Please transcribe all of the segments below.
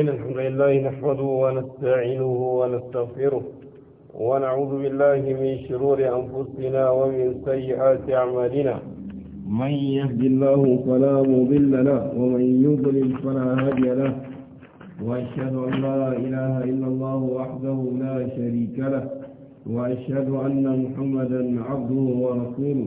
إن الحمد لله نحمده ونستعينه ونستغفره ونعوذ بالله من شرور أنفسنا ومن سيئات أعمالنا من يهد الله فلا مضل له ومن يضلل فلا هادي له وأشهد أن لا إله إلا الله وحده لا شريك له وأشهد أن محمدا عبده ورسوله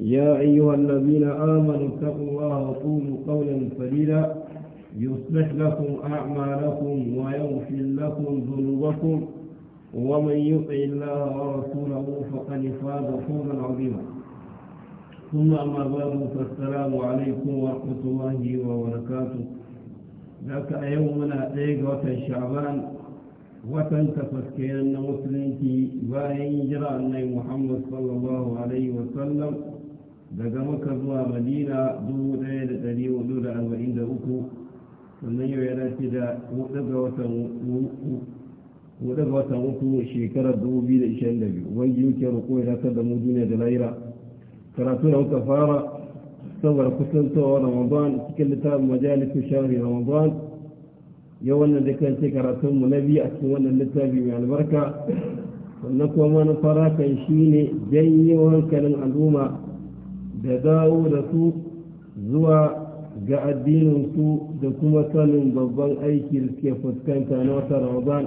يا أيها الذين آمنوا اتقوا الله وقولوا قولا سديدا يصلح لكم أعمالكم ويغفر لكم ذنوبكم ومن يطع الله ورسوله فقد فاز فوزا عظيما ثم أما بعد فالسلام عليكم ورحمة الله وبركاته ذاك يومنا إيجا شعبان وتنتفت أن مسلمتي باين جرى النبي محمد صلى الله عليه وسلم daga maka zuwa madina dubu ɗaya da ɗari hudu da arba'in da uku sannan yau ya dace da hudu ga watan uku shekarar dubu biyu da ishirin da biyu wani yau ke roƙo ya dakar da mu duniya da laira karatu da muka fara saboda kusantowa ramadan cikin littafin majalisun shahri ramadan yau wannan da kan ce karatunmu na biyu a cikin wannan littafi mai albarka sannan kuma manufar hakan shine janyo hankalin al'umma da dawo da su zuwa ga addininsu da kuma sanin babban aiki da suke fuskanta na wata ramadan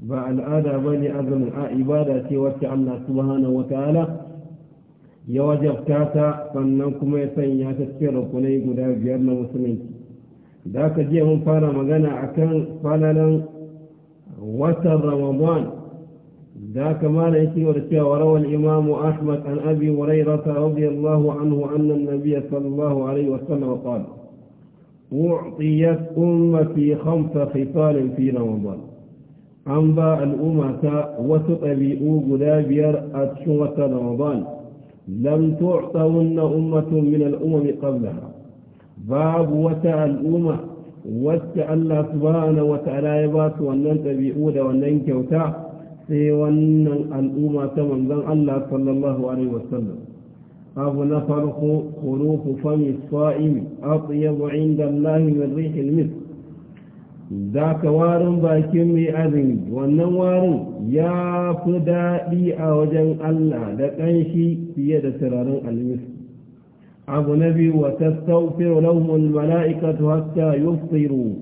ba al'ada ba ne azumin a ibada ce wacce allah subhanahu wataala ya wajabta ta sannan kuma ya sanya ta cikin rukunai guda biyar na musulunci da aka je mun fara magana akan falalan watan ramadan ذاك ما نأتي ورتيا وروى الإمام أحمد عن أبي هريرة رضي الله عنه أن النبي صلى الله عليه وسلم قال أعطيت أمتي خمس خصال في رمضان أنباء الأمة وتطبيئوا قدابير أتشوة رمضان لم تعطون أمة من الأمم قبلها باب وتع الأمة وتع الله سبحانه وتعالى يبات وأن تبيئوا وأن كوتاه sai wannan al'umma ta manzon Allah sallallahu alaihi wasallam abu na farko khurufu fami sa'im atyabu inda Allah min rihil mis za ka warin bakin mai azumi wannan warin ya fi daɗi a wajen Allah da ƙanshi fiye da turarin almisu abu na biyu wa tattaufir lahumul mala'ikatu hatta yufsiru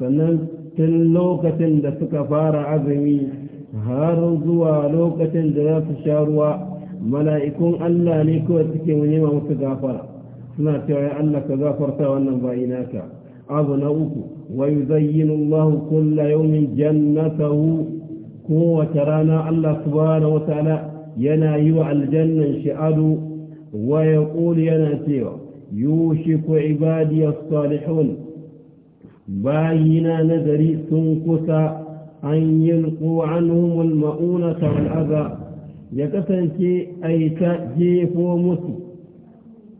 sannan tun lokacin da suka fara azumi har zuwa lokacin da za su sha ruwa mala'ikun Allah ne kawai suke nema musu gafara suna cewa ya Allah ka gafarta wannan bayi naka abu na uku wa yuzayyinu Allah kulla yawmin jannatahu kowace rana Allah subhanahu wataala yana yi wa aljannan shi ado wa yaqulu yana cewa yushiku ibadiy as-salihun bayina nazari sun kusa an yulqu anhum al-ma'unata wal adha ya kasance ai ta jefo musu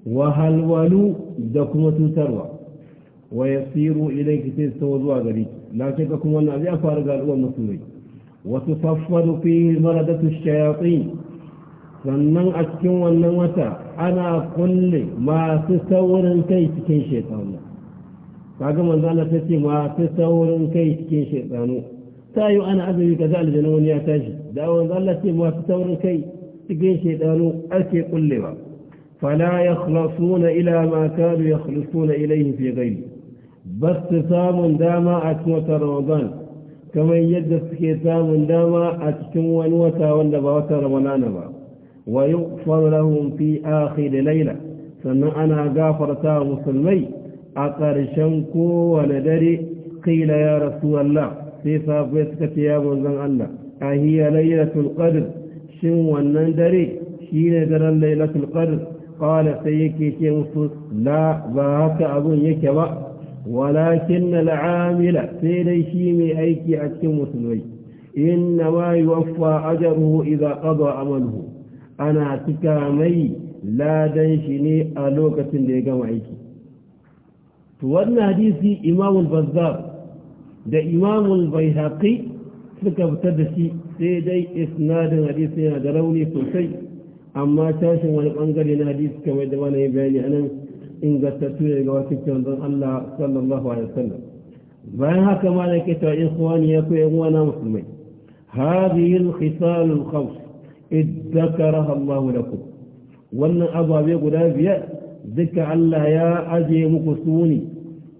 wahalwalu da kuma tutarwa wa yasiru ilayki sai su zuwa gari na shakka kuma wannan zai faru ga al'ummar musulmi wa tusaffadu fihi maradatu shayatin sannan a cikin wannan wata ana kulle masu saurin kai cikin shaytanu kaga manzo Allah ta ce masu saurin kai cikin shaytanu تايو أنا أبي كذلك نون ياتج داون قال لي ما كي تجين دانو أكي قل لي فلا يخلصون إلى ما كانوا يخلصون إليه في غيره بس صام داما أتموت رمضان كما يجدس كتام داما أتشو ونوتا ونبا وتر ونانبا ويغفر لهم في آخر ليلة سنة أنا غافر تا مسلمي أقرشنكو وندري قيل يا رسول الله sai safiya suka ce ya manzon Allah ahiya lailatul qadr shin wannan dare shine daren lailatul qadr qala sai yake ce musu la ba haka abin yake ba walakin al'amila sai dai shi mai aiki a cikin musulmai inna ma yuwaffa ajruhu idza qada amaluhu ana cika mai ladan shi ne a lokacin da ya gama aiki to wannan hadisi imamul bazzar da imamul bai haƙi suka fita da shi sai dai isnadin hadisi yana da rauni sosai amma tashin wani bangare na hadisi kamar da wani bayani a nan ingantattu ne ga wasu don Allah sallallahu alaihi wasallam bayan haka ma da ke ta'in kuwani ya koyi wana musulmai هذه الخصال الخمس إذ ذكرها da ku. wannan ababe guda biyar duka Allah ya ajiye muku suni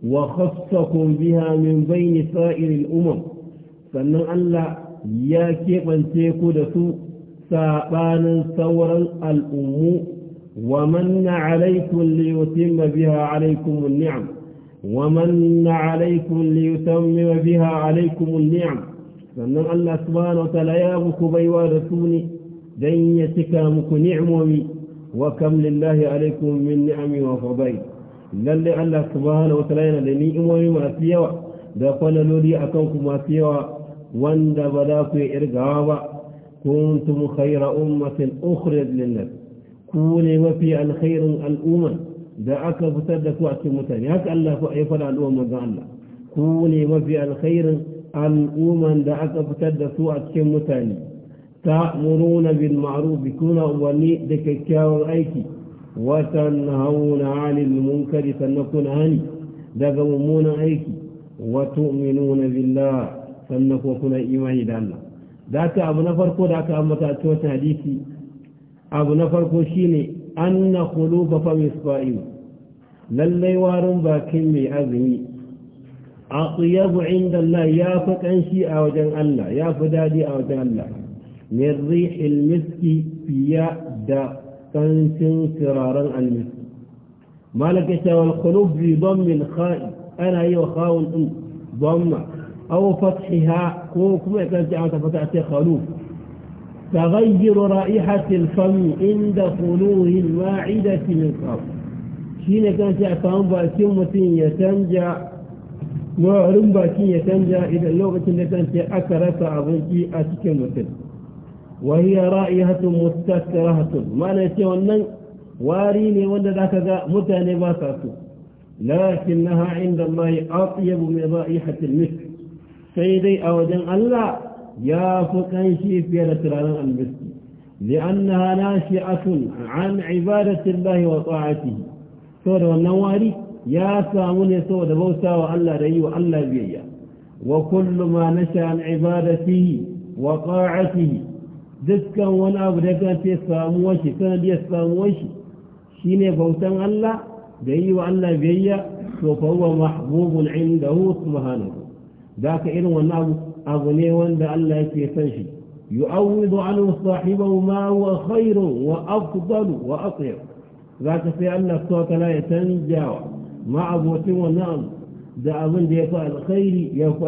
وخصكم بها من بين سائر الأمم فإن الله ياكي من تيكو دسو سابان ثورا الأمم ومن عليكم ليتم بها عليكم النعم ومن عليكم ليتم بها عليكم النعم فإن الله سبحانه وتعالى يابك بيوا رسولي دين يتكامك نعمه وكم لله عليكم من نعم وفضيل lalle Allah subhanahu wa ta'ala da ni ni'imomi masu yawa da kwalaloli akan ku masu yawa wanda ba za ku yi irgawa ba kuntum khayra ummatin ukhrij lin-nas ku ne mafi alkhairin al'umma da aka fitar da ku a cikin mutane haka Allah ku ayi fara al'umma manzon Allah ku ne mafi alkhairin al'umman da aka fitar da su a cikin mutane ta'muruna bil ma'ruf kuna wani da kyakkyawan aiki وتنهون عن المنكر سنكون هني دقمون ايك وتؤمنون بالله سنكون ايمان الله ذاك ابو نفر كو ذاك أبو تأتوت حديثي ابو نفر كو شيني ان قلوب فم إسرائيل للي وارم باكين مي ازمي اطيب عند الله يا شي اوجن الله يا فدادي اوجن الله من ريح المسك فيا دا تنسين سرارا عن المسك مالك في ضم الخاء أنا أيوة خاء أم ضم أو فتحها كوكما كانت عمت فتحت خلوب تغير رائحة الفم عند خلوه الواعدة من قبل شين كانت أعطان بأسمة يتنجع وعلم باكين يتنجع إذا اللغة التي كانت أكرت أبنتي أتكمتك وهي رائحة مستكرهة ما نسي ونن واريني وند ذاك ذا متنباتات لكنها عند الله أطيب من رائحة المسك سيدي أوجن الله يا فقنشي في لتران المسك لأنها ناشئة عن عبادة الله وطاعته سورة والنواري يا سامون سورة بوسى وألا ري وألا بيا وكل ما نشأ عن عبادته وطاعته dukkan wani abu da kan ce samuwar shi sanadiyar samuwar shi ne bautan Allah da yi wa Allah biyayya to fa huwa mahbubun indahu subhanahu da ka irin wani abu abu ne wanda Allah yake san shi yu'awidu anhu sahibahu ma huwa khairu wa afdalu wa za ka sai Allah subhanahu ya canjawa ma abotin wannan abu da abin da ya fi alkhairi ya fi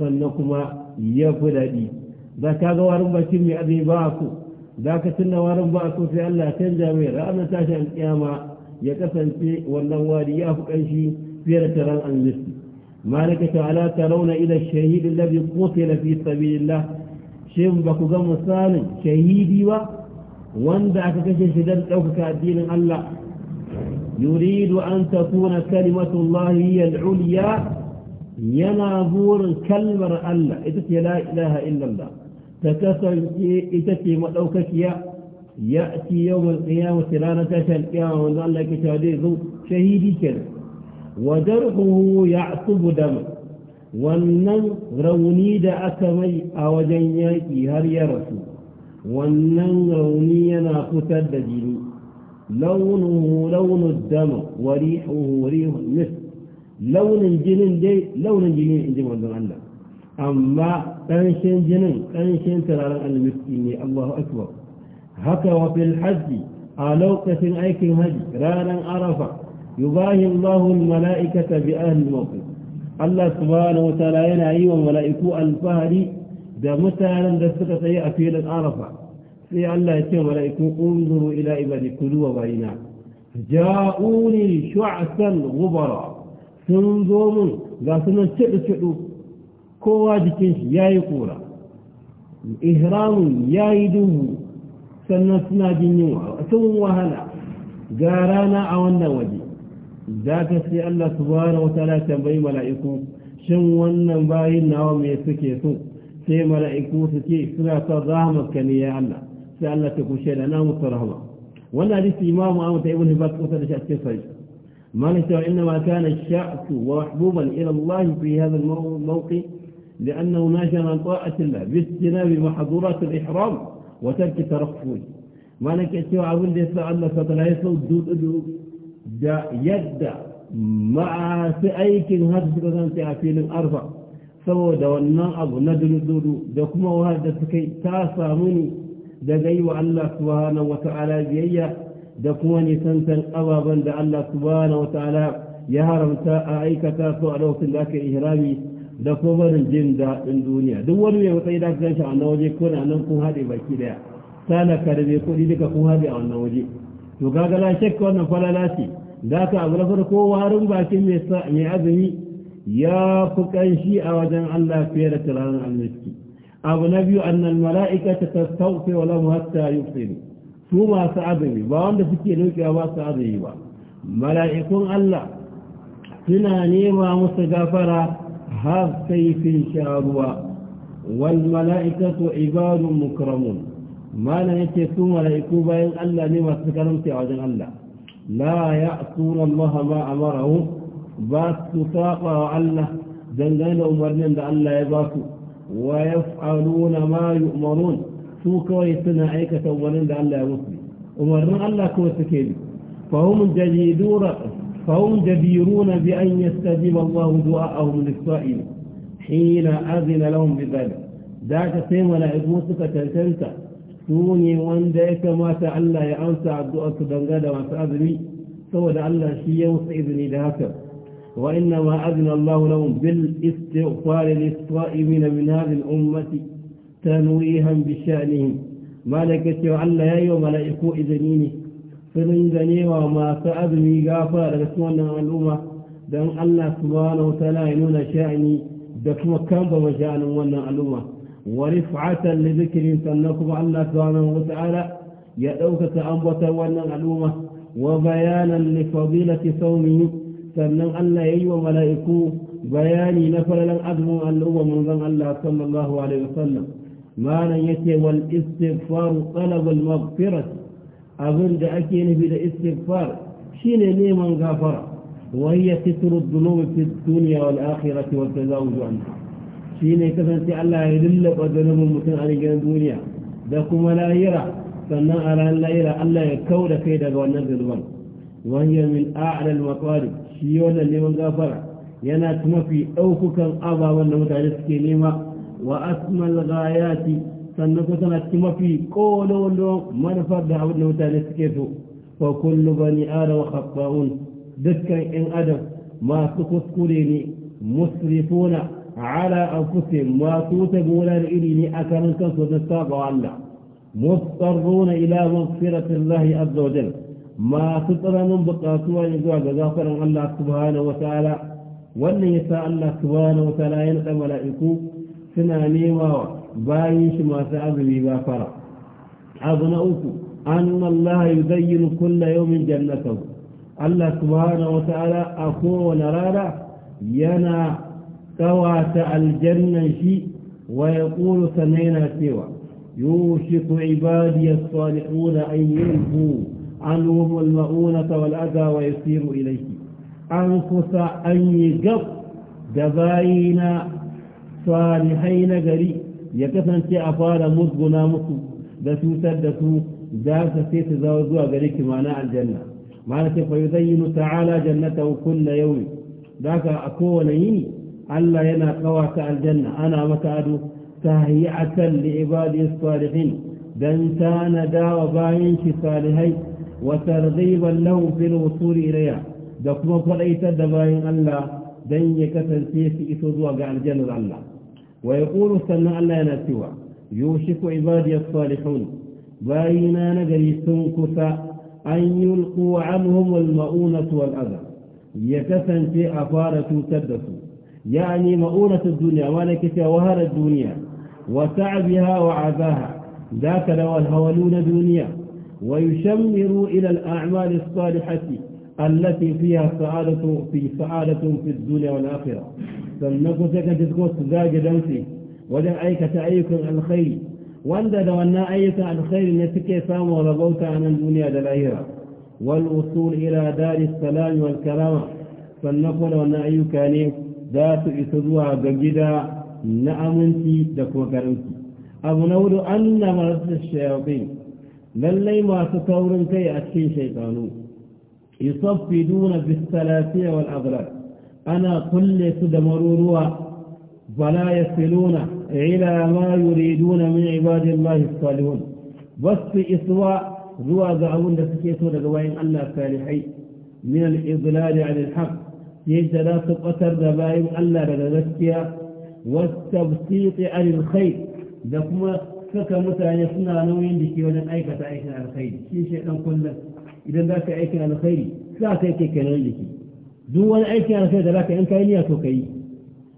sannan kuma ya fi daɗi da ka ga warin bakin mai abin ba ku da ka tunna warin ba ku sai Allah canja mai ranar tashi alƙiyama ya kasance wannan wari ya fi ƙanshi fiye da taron almisti malaka ta'ala tarawna ila shahidi alladhi qutila fi sabilillah shin ba ku ga misalin shahidi ba wanda aka kashe shi don ɗaukaka addinin Allah يريد أن تكون كلمة الله هي العليا ينابور كلمة الله إذا لا إله إلا الله تتسل إتتي مدوكتيا يأتي يوم القيامة لا نتشى القيامة وأن لك تهديد شهيدي كان ودرعه يعصب دم ونن رونيد أكمي أوجنيا إيهار يا ونن رونينا قتل دجيني لونه لون الدم وريحه ريح مثل لون الجنين دي لون الجنين عندما أنزل الله amma ƙanshin jinin ƙanshin turaren almiski ne allahu akbar haka wa fil hajji a lokacin aikin hajji ranar arafa yubahi allahu mala'ikata bi ahli mawqif allah subhanahu wataala yana yi wa mala'iku alfahari da mutanen da suka tsaye a filin arafa sai allah ya ce mala'iku unzuru ila ibadi kudu wa bayina ja'uni shu'asan gubara sun zo mun ga sunan ciɗu-ciɗu kowa jikin shi ya yi ƙura ihramun ya yi duhu sannan suna jin yunwa sun wahala ga rana a wannan waje za ka sai Allah subhanahu wa ta'ala tambayi mala'iku shin wannan bayin nawa me suke so sai mala'iku su ce suna son rahmar ka ne ya Allah sai Allah ta kushe da na musu rahama wannan hadisi imamu Ahmad da Ibn Hibban kusa da shi a cikin sahih مالك وإنما كان الشعث ومحبوبا إلى الله في هذا الموقع لأنه ما جرى طاعة الله باجتناب محظورات الإحرام وترك ترفض ما لك أشياء أقول لي فعلا فضل يسوي دود إلو دا يد مع سأيك هذا سكتان تعفين الأربع سوى دوانا أبو ندل دودو دكما وهذا سكي تاسا مني دا وعلى سبحانه وتعالى بيئيا دكواني سنسا أبابا دا سبحانه وتعالى يهرم تا أعيك تاسو على سلاك إهرامي da kuma barin jin daɗin duniya duk wani mai matsayi da kan shi a wannan waje ko na nan kun haɗe baki daya talaka da mai kuɗi duka kun haɗe a wannan waje to kaga na shakka wannan falala ce da ka abu na farko warin bakin mai azumi ya fi ƙanshi a wajen Allah fiye da turaren almiski abu na biyu annal mala'ika ta tattaufe wa lahu hatta yusiru su masu azumi ba wanda suke nukewa ba su azumi ba mala'ikun Allah suna nema musu gafara هذا سيف شعبوا والملائكة عباد مكرمون ما نأتي ثم لإكوبا إن ألا لما تكرمت عجل الله لا يأسون الله ما أمره بات تساقى الله دنجان أمرنا أن الله يباسوا ويفعلون ما يؤمرون سوك ويتنعيك تولين أن الله يمسلي أمرنا الله كوسكيبي فهم جديدون فهم جديرون بأن يستجيب الله دعاءهم للسائل حين أذن لهم بذلك ذاك سيما لعبوسك تلتنت سوني وان ديك ما تعلى يأنسى الدعاء دنقاد ما تأذني سوى لعلى شيء يستئذني لهك وإنما أذن الله لهم بالاستغفار للصائمين من هذه الأمة تنويها بشأنهم مالك تعلى يا يوم لا يكون إذنيني سنن ganewa masu azumi gafara daga cikin wannan al'umma don Allah subhanahu wataala ya nuna sha'ani da kuma kamba ma sha'anin wannan al'umma wa rif'atan li dhikrin sannan kuma Allah subhanahu wataala ya ɗaukaka ambatar wannan al'umma wa bayanan li fadilati sawmihi sannan Allah yayi wa mala'iku bayani na falalan azumin al'umma manzon Allah sallallahu alaihi wasallam malan yace wal istighfaru talab al maghfirah أظن دأكين في الاستغفار شين نيمان غافرة وهي تسر الذنوب في الدنيا والآخرة والتزاوج عنها شين كفن سي الله يذل وذنب المتن على الدنيا دكم لا يرى فنا أرى أن لا يرى الله يكون كيدا ونزل ون وهي من أعلى المطالب شيون نيمان غافرة ينا تمفي أوكك الأضاء والنمت على السكينيما وأسمى الغايات sannan ko tana cikin mafi kololo manufar da abin da mutane suke so fa kullu bani adam khata'un dukkan in adam masu kuskure ne musrifuna ala anfusihim ma tutabuna da iri ne akan kansu da saba Allah مضطرون إلى مغفرة الله عز وجل ما تطر من بقاتوا يزوى غافر الله سبحانه وتعالى وأن يساء الله سبحانه وتعالى ينقى ملائكو سنة نيمة bayan shi masu azumi ba fara abu na uku an Allah ya zayyinu kulla yawmin jannatahu Allah subhanahu wa ta'ala a kowane rana yana kawata aljannan shi wa ya ƙulu sannan cewa يوشك عبادي الصالحون أن يلقوا عنهم المؤونة والأذى ويسيروا إليه أنفس أن يقف دبائنا صالحين قريب ya kasance a fara musguna musu da cutar da su za su sai su zawo zuwa gare ki mana aljanna mana ce fa yuzayyinu ta'ala jannatahu kulla yawmi daga a kowane yini Allah yana kawa kawata aljanna ana maka ado tahiyatan li ibadi salihin dan tana wa bayin ki salihai wa tarziban lahu fil wusuli ilayya da kuma fadaitar da bayin Allah dan ya kasance su iso zuwa ga aljannar Allah ويقول سنة لا نسوى يوشك عبادي الصالحون باينا نجري سنكسا أن يلقوا عنهم المؤونة والأذى يكسن في أفارة تدسوا يعني مؤونة الدنيا ولك وهر الدنيا وتعبها وعذاها ذاك لو الهولون دنيا ويشمروا إلى الأعمال الصالحة التي فيها سعادة في سعادة في الدنيا والآخرة sannan kuma sai kan ci kuma su zage damsi wajen aikata ayyukan alkhairi wanda da wannan ayyukan alkhairi ne suke samun rabauta a nan duniya da lahira wal usul ila dari salami wal karama sannan kuma da wannan ayyuka ne za su isa zuwa ga gida na aminci da kuma karanci abu na hudu an na marasa shayafin lallai masu taurin kai a cikin shaitanu yusuffi duna bisalasiya wal abrar أنا قلت دمروروا ولا يصلون إلى ما يريدون من عباد الله الصالحون بس إسواء روى ذعبون لسكيتون الرواية ألا فالحي من الإضلال عن الحق يجدى تقتر دبائم أن ألا ردنسكيا والتبسيط عن الخير لكما فكما تعيسنا نوين لكي ولن أيك تعيسنا على الخير شيء شيء نقول إذا ذاك أيك على الخير لا تعيك كنوين لكي duk wani aiki a sai da baka in kai niyya to kai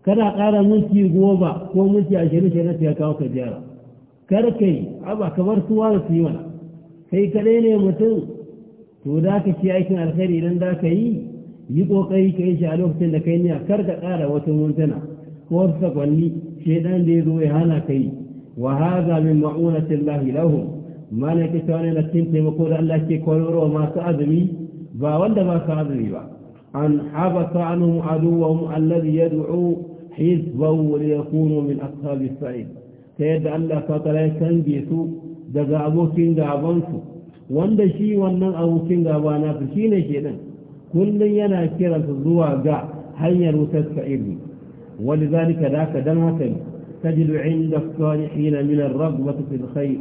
kada ƙara minti goma ko mulki ashirin shirin ta kawo ka ziyara kar kai ka kamar su da su yi mana kai kaɗai ne mutum to da ka ci aikin alkhairi idan za ka yi yi ƙoƙari ka yi shi a lokacin da kai niyya kar ka ƙara wata mintuna ko wasu sakwanni shaidan da ya zo ya hana ka yi wa haza min ma'unatin lahi lahum mana ke tawanin da cin taimako da Allah ke kwaroro masu azumi ba wanda ba su azumi ba أن حبس عنهم عدوهم الذي يدعو حزبه ليكونوا من أصحاب السعيد سيد الله فتلا يسنجيسو دقا أبو سنجا wanda shi wannan abokin gaba na su shi ne kenan kullum yana kira su zuwa ga hanyar wutar sa'iri wani تجد عند الصالحين من الرغبة في الخير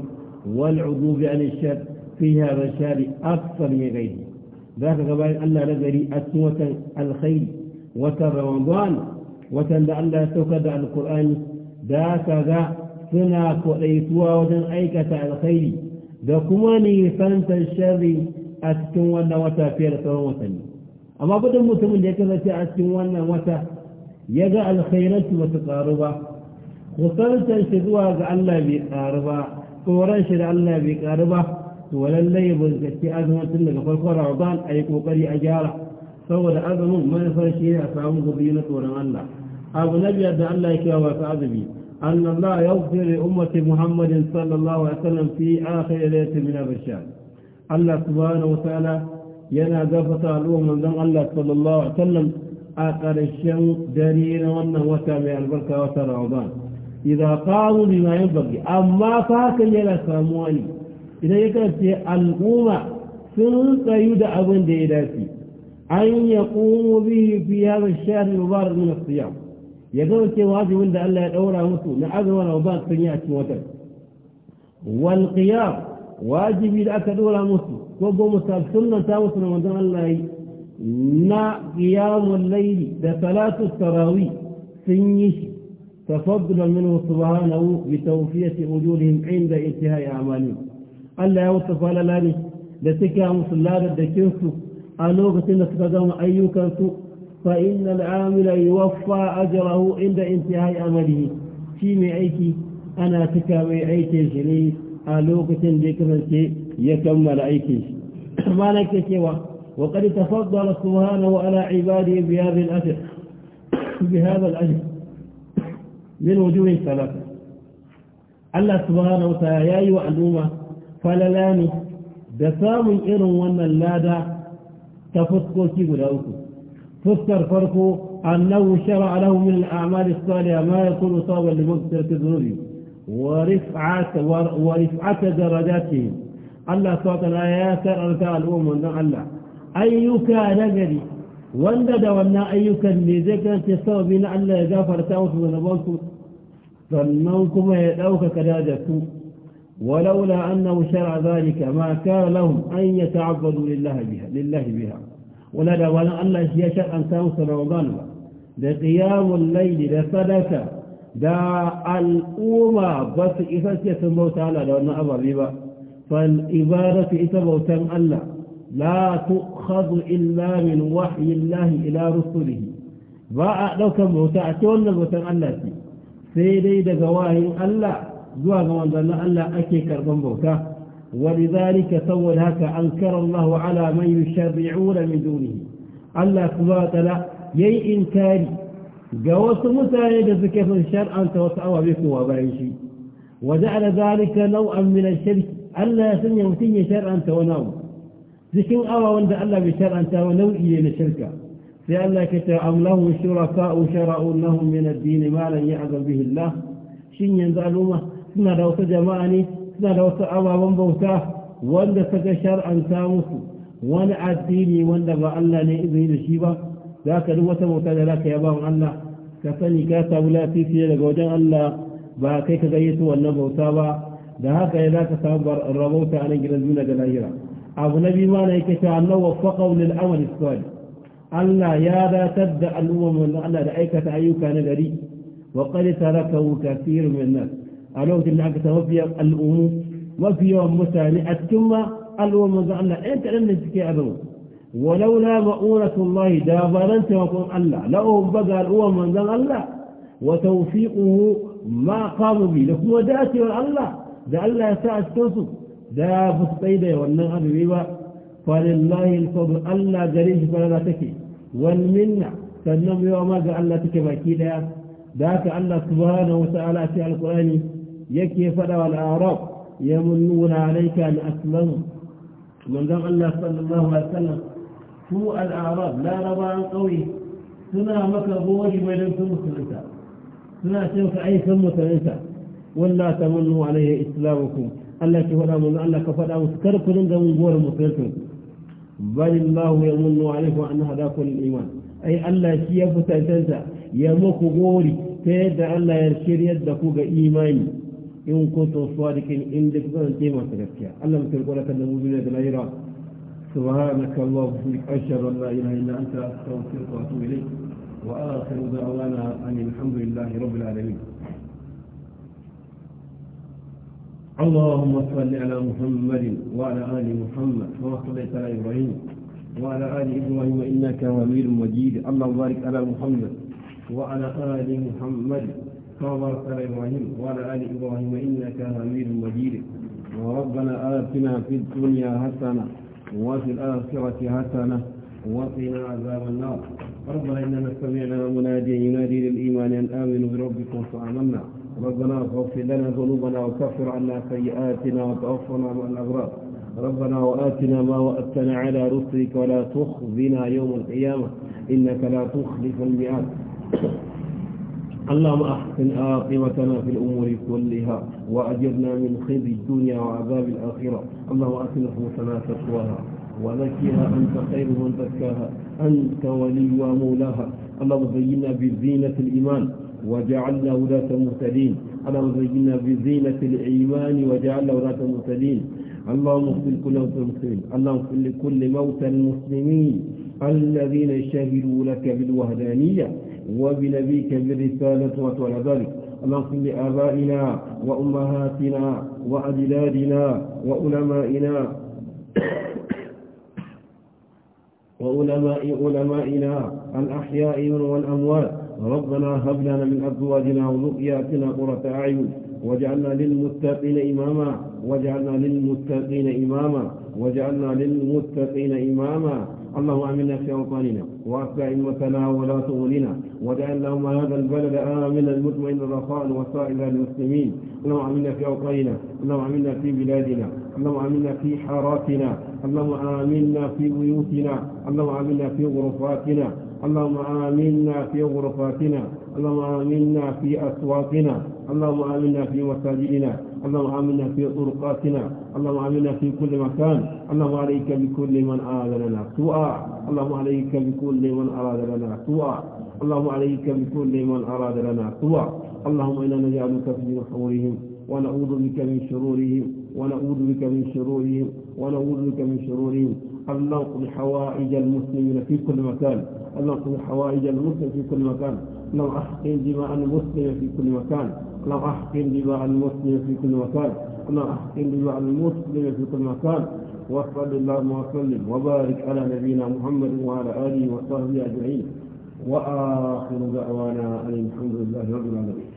والعضو عن الشر فيها رشاد أكثر من غيره za ka gabayin Allah na gari a cikin watan alkhairi watan ramadan watan da Allah ya saukar da alkur'ani da ka ga suna kwaɗaituwa wajen aikata alkhairi da kuma nisantar sharri a cikin wannan wata fiye da sauran watanni amma gudun mutumin da ya kasance a cikin wannan wata ya ga alkhairansu ba su ƙaru ba kusantar shi zuwa ga Allah bai ƙaru ba tsoron shi da Allah bai ƙaru ba ولا الليل التي أذنت لك فالقرى عضان أي قوقري أجارة فولا أذن ما شيء أفعام ذبينة ورمان الله أبو نبي أدى الله لا يكيوك أذبي أن الله يغفر لأمة محمد صلى الله عليه وسلم في آخر ليلة من أبشار الله سبحانه وتعالى ينا دفت الأمم من الله صلى الله عليه وسلم آخر الشم دارين وأنه وتابع البركة وترى عضان إذا قاموا بما ينبغي أما فاكن يلا سامواني idan ya kasance al'umma sun tsayu da abin da ya dace an ya ƙumu bihi fi hadha shahr mubarak min as-siyam ya kasance wajibin da Allah ya daura musu na azumin ba sun yi a cikin watan wal qiyam wajibi da aka daura musu ko go musa sunna ta musu na manzon Allah yi na qiyamul layl da salatu tarawih sun yi shi تفضلا منه سبحانه بتوفية وجودهم عند انتهاء أعمالهم Allah ya wuce falala ne da suke musu ladaddakinsu a lokacin da suka gama ayyukansu fa inna al'amila yuwaffa ajrahu inda intihai amalihi shi mai aiki ana cika mai aikin shi ne a lokacin da ya kasance ya kammala aikin shi malam ke cewa wa qad tafaddala subhanahu ala ibadihi bi hadha al-ajr bi hadha al-ajr min wujuh thalatha Allah subhanahu wa ta'ala yayi wa al'umma falalani da samun irin wannan lada ta fuskoki guda uku fuskar farko annahu shar'a lahu min al'amali amal as-salihah ma yakunu sawaban li dhunubi wa rif'ata wa rif'ata darajati Allah ta'ala ya sarrafa al'umman dan Allah ayyuka nagari wanda da wannan ayyukan ne zai kanta sawabi na Allah ya gafarta wa musu zanabansu sannan kuma ya ɗaukaka dajarsu ولولا أنه شرع ذلك ما كان لهم أن يتعبدوا لله بها لله بها ولا ولا أن لا شرعا تنصر رمضان لقيام الليل لصدقة دا الأمة بس إذا يسمو تعالى لو أن أبا بيبا فالإبادة إتبو الله لا تؤخذ إلا من وحي الله إلى رسله بقى لو كان بوتا أتولى بوتا الله سيدي دقواهي الله zuwa ga manzon Allah ake karban ولذلك سول هكا أنكر الله على من يشرعون من دونه الله سبحانه لا يي إنكاري جوز متاني كيف الشر أنت وسأوى بك وبعيشي وجعل ذلك نوعا من الشرك ألا يسمي متيني شرعا أنت ونوم ذكين أوى وند ألا بشرع أنت ونوئي لشركة فألا كتب أم لهم شركاء شرعوا لهم من الدين ما لن يعظم به الله شين ينزلوا suna da wasu jama'a ne suna da wasu ababen bauta wanda suka shar'anta musu wani addini wanda ba Allah ne izini da shi ba za ka duk wata bauta da za ka yaba wa Allah ka sani ka samu lafiya daga wajen Allah ba kai ka gayyato wannan bauta ba da haka ya za ka samu rabauta a nan gidan duniya da lahira abu na biyu ma na yake cewa Allah waffaqahu lil amal salih Allah ya datar da al'umma Allah da aikata ayyuka na gari wa qad taraka kaseer min nas a الله da aka samu fiye al'ummu mafi yawan mutane a cikin ma al'ummar manzo Allah ɗan kaɗan ولولا مؤونة الله دابرا توقف الله لهم بقى الأول من ذن الله وتوفيقه ما قام به لكم وداتي الله ده الله ساعة تنصب ده بسطيدة والنغر بيبا فلله الفضل الله جريش فلا تكي والمنع تنم يوم قال الله تكي باكيدا ذاك الله سبحانه وتعالى في القرآن yake faɗa wa al'arab ya munnuna alaika al'aslamu manzon Allah sallallahu alaihi wasallam su al'arab larabawan ƙauye suna maka gori mai don sun musulunta suna cin ka aikin musulunta wallah ta munnu alaihi islamukum Allah ke faɗa mun Allah ka faɗa musu kar ku dinga mun gori musulunta Bani Allah ya munnu alaihi wa an hada lil iman ai Allah shi ya fitantanta ya muku gori ta yadda Allah ya shiryar da ku ga imani in kuntum sadiqin in duk zan ce masu gaskiya Allah mu kirkura kan da mu سبحانك اللهم أشهد أن لا إله إلا أنت أستغفرك وأتوب إليك وآخر دعوانا أن الحمد لله رب العالمين اللهم صل على محمد وعلى آل محمد كما صليت على إبراهيم وعلى آل إبراهيم إنك حميد مجيد اللهم بارك على محمد وعلى آل محمد كما على إبراهيم وعلى آل إبراهيم إنك حميد مجيد وربنا آتنا في الدنيا حسنة وفي الآخرة حسنة وقنا عذاب النار ربنا إننا سمعنا مناديا ينادي للإيمان أن آمنوا بربكم فآمنا ربنا فاغفر لنا ذنوبنا وكفر عنا سيئاتنا وتوفنا مع الأغراض ربنا وآتنا ما وأتنا على رسلك ولا تخزنا يوم القيامة إنك لا تخلف الميعاد اللهم أحسن عاقبتنا في الأمور كلها وأجرنا من خزي الدنيا وعذاب الآخرة اللهم أتنا رحمتنا تقواها وزكها أنت خير من زكاها أنت ولي ومولاها اللهم زينا بزينة الإيمان وجعلنا ولاة مهتدين اللهم زينا بزينة الإيمان وجعلنا ولاة مهتدين اللهم اغفر كل موتى المسلمين اللهم اغفر لكل موتى المسلمين الذين شهدوا لك بالوهدانية وبنبيك بالرسالة وتولى ذلك اللهم صل لآبائنا وأمهاتنا وأجدادنا وعلمائنا وعلماء علمائنا الأحياء والأموات ربنا هب لنا من أزواجنا وذرياتنا قرة أعين واجعلنا للمتقين إماما واجعلنا للمتقين إماما واجعلنا للمتقين إماما اللهم امنا في اوطاننا واتبع إمتنا ولا امورنا واجعل لهم هذا البلد امنا مطمئنا رخاء وسائر المسلمين اللهم امنا في اوطاننا اللهم امنا في بلادنا اللهم امنا في حاراتنا اللهم امنا في بيوتنا اللهم امنا في غرفاتنا اللهم امنا في غرفاتنا اللهم امنا في اسواقنا اللهم امنا في مساجدنا اللهم آمنا في طرقاتنا اللهم آمنا في كل مكان اللهم عليك بكل من أراد لنا سوءا اللهم عليك بكل من أراد لنا سوءا اللهم عليك بكل من أراد لنا سوءا اللهم إنا نجعلك في نحورهم ونعوذ بك من شرورهم ونعوذ بك من شرورهم ونعوذ بك من شرورهم أن نقضي حوائج المسلمين في كل مكان أن نقضي حوائج المسلم في كل مكان لو احقن دماء المسلم في كل مكان لو احقن دماء المسلم في كل مكان لو احقن دماء المسلم في كل مكان وصل اللهم وسلم وبارك على نبينا محمد وعلى اله وصحبه اجمعين واخر دعوانا ان الحمد لله رب العالمين